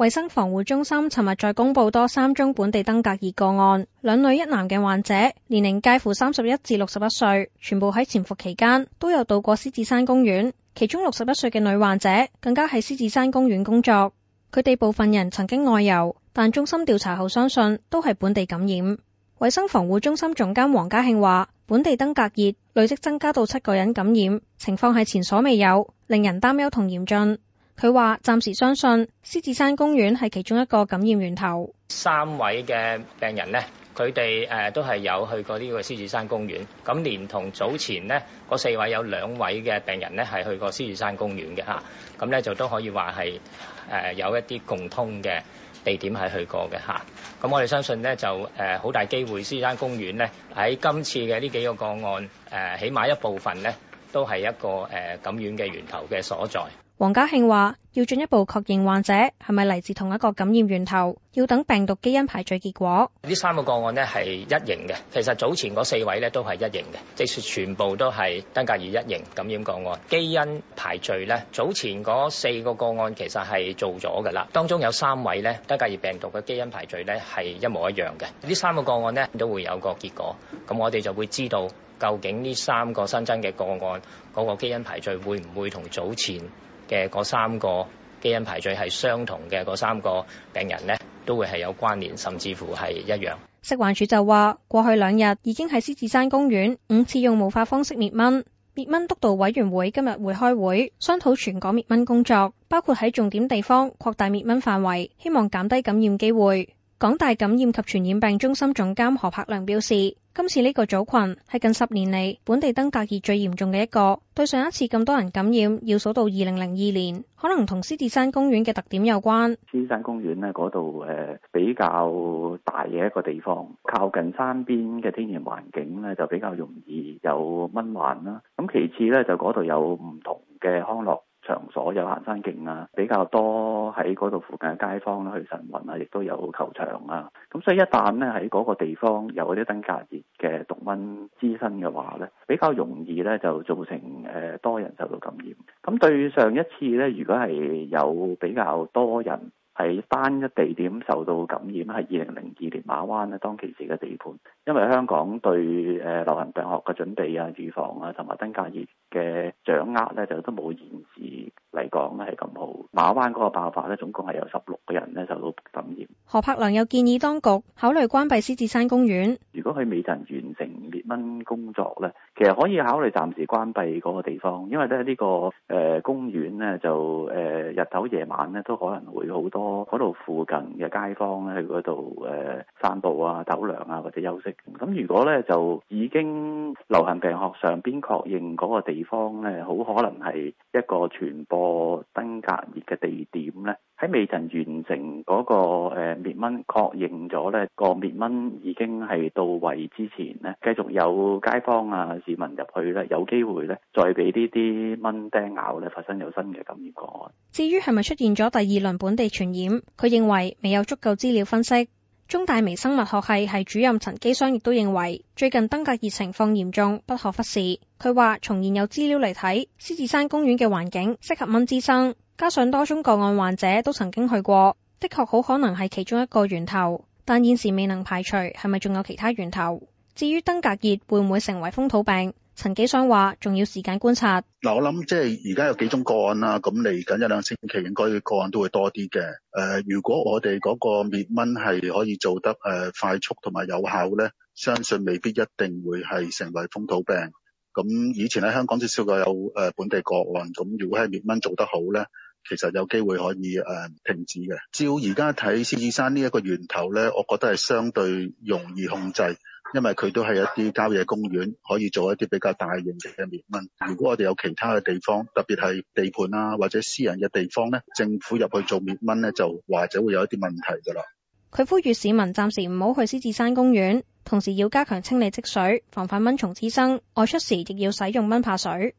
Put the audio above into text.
衛生防護中心尋日再公布多三宗本地登革熱個案，兩女一男嘅患者，年齡介乎三十一至六十一歲，全部喺潛伏期間都有到過獅子山公園，其中六十一歲嘅女患者更加喺獅子山公園工作。佢哋部分人曾經外遊，但中心調查後相信都係本地感染。衛生防護中心總監黃加慶話，本地登革熱累積增加到七個人感染，情況係前所未有，令人擔憂同嚴峻。佢話：暫時相信獅子山公園係其中一個感染源頭。三位嘅病人咧，佢哋誒都係有去過呢個獅子山公園。咁連同早前咧，嗰四位有兩位嘅病人咧係去過獅子山公園嘅嚇，咁咧就都可以話係誒有一啲共通嘅地點係去過嘅嚇。咁我哋相信咧就誒好大機會，獅子山公園咧喺今次嘅呢幾個個案誒，起碼一部分咧都係一個誒感染嘅源頭嘅所在。黃加慶話，要進一步確認患者係咪嚟自同一個感染源頭，要等病毒基因排序結果。呢三個個案呢係一型嘅，其實早前嗰四位呢都係一型嘅，即係全部都係登革熱一型感染個案。基因排序呢，早前嗰四個個案其實係做咗噶啦，當中有三位呢登革熱病毒嘅基因排序呢係一模一樣嘅。呢三個個案呢都會有個結果，咁我哋就會知道究竟呢三個新增嘅個案嗰個基因排序會唔會同早前？嘅嗰三個基因排序係相同嘅，嗰三個病人呢都會係有關聯，甚至乎係一樣。食環署就話，過去兩日已經喺獅子山公園五次用霧化方式滅蚊，滅蚊督導委員會今日會開會商討全港滅蚊工作，包括喺重點地方擴大滅蚊範圍，希望減低感染機會。港大感染及傳染病中心總監何栢良表示：今次呢個組群係近十年嚟本地登革熱最嚴重嘅一個。對上一次咁多人感染，要數到二零零二年，可能同獅子山公園嘅特點有關。獅子山公園呢，嗰度誒比較大嘅一個地方，靠近山邊嘅天然環境呢就比較容易有蚊患啦。咁其次呢，就嗰度有唔同嘅康樂。我有行山徑啊，比較多喺嗰度附近嘅街坊去晨運啊，亦都有球場啊。咁所以一旦呢喺嗰個地方有啲登革熱嘅毒蚊滋生嘅話呢，比較容易呢就造成誒多人受到感染。咁對上一次呢，如果係有比較多人喺單一地點受到感染，係二零零二年馬灣呢，當其時嘅地盤，因為香港對誒流行病學嘅準備啊、預防啊同埋登革熱嘅掌握呢，就都冇延遲。講係咁好，馬灣嗰個爆發咧，總共係有十六個人咧受到感染。何栢良又建議當局考慮關閉獅子山公園。如果佢未曾完成滅蚊工作呢，其實可以考慮暫時關閉嗰個地方，因為咧呢個公園呢，就日頭夜晚咧都可能會好多嗰度附近嘅街坊咧去嗰度誒散步啊、走涼啊或者休息。咁如果咧就已經流行病學上邊確認嗰個地方咧，好可能係一個傳播。隔熱嘅地點呢，喺未曾完成嗰個誒滅蚊確認咗呢個滅蚊已經係到位之前呢，繼續有街坊啊、市民入去呢，有機會呢，再俾呢啲蚊叮咬呢，發生有新嘅感染個案。至於係咪出現咗第二輪本地傳染，佢認為未有足夠資料分析。中大微生物學系系主任陳基湘亦都認為，最近登革熱情況嚴重，不可忽視。佢話：從現有資料嚟睇，獅子山公園嘅環境適合蚊滋生。加上多宗個案患者都曾經去過，的確好可能係其中一個源頭，但現時未能排除係咪仲有其他源頭。至於登革熱會唔會成為風土病，陳基湘話仲要時間觀察。嗱，我諗即係而家有幾宗個案啦，咁嚟緊一兩星期應該個案都會多啲嘅。誒、呃，如果我哋嗰個滅蚊係可以做得誒快速同埋有效咧，相信未必一定會係成為風土病。咁以前喺香港至少有誒本地個案，咁如果係滅蚊做得好咧。其實有機會可以誒停止嘅，照而家睇獅子山呢一個源頭呢，我覺得係相對容易控制，因為佢都係一啲郊野公園，可以做一啲比較大型嘅滅蚊。如果我哋有其他嘅地方，特別係地盤啊，或者私人嘅地方呢，政府入去做滅蚊呢，就或者會有一啲問題噶啦。佢呼籲市民暫時唔好去獅子山公園，同時要加強清理積水，防範蚊蟲滋生。外出時亦要使用蚊怕水。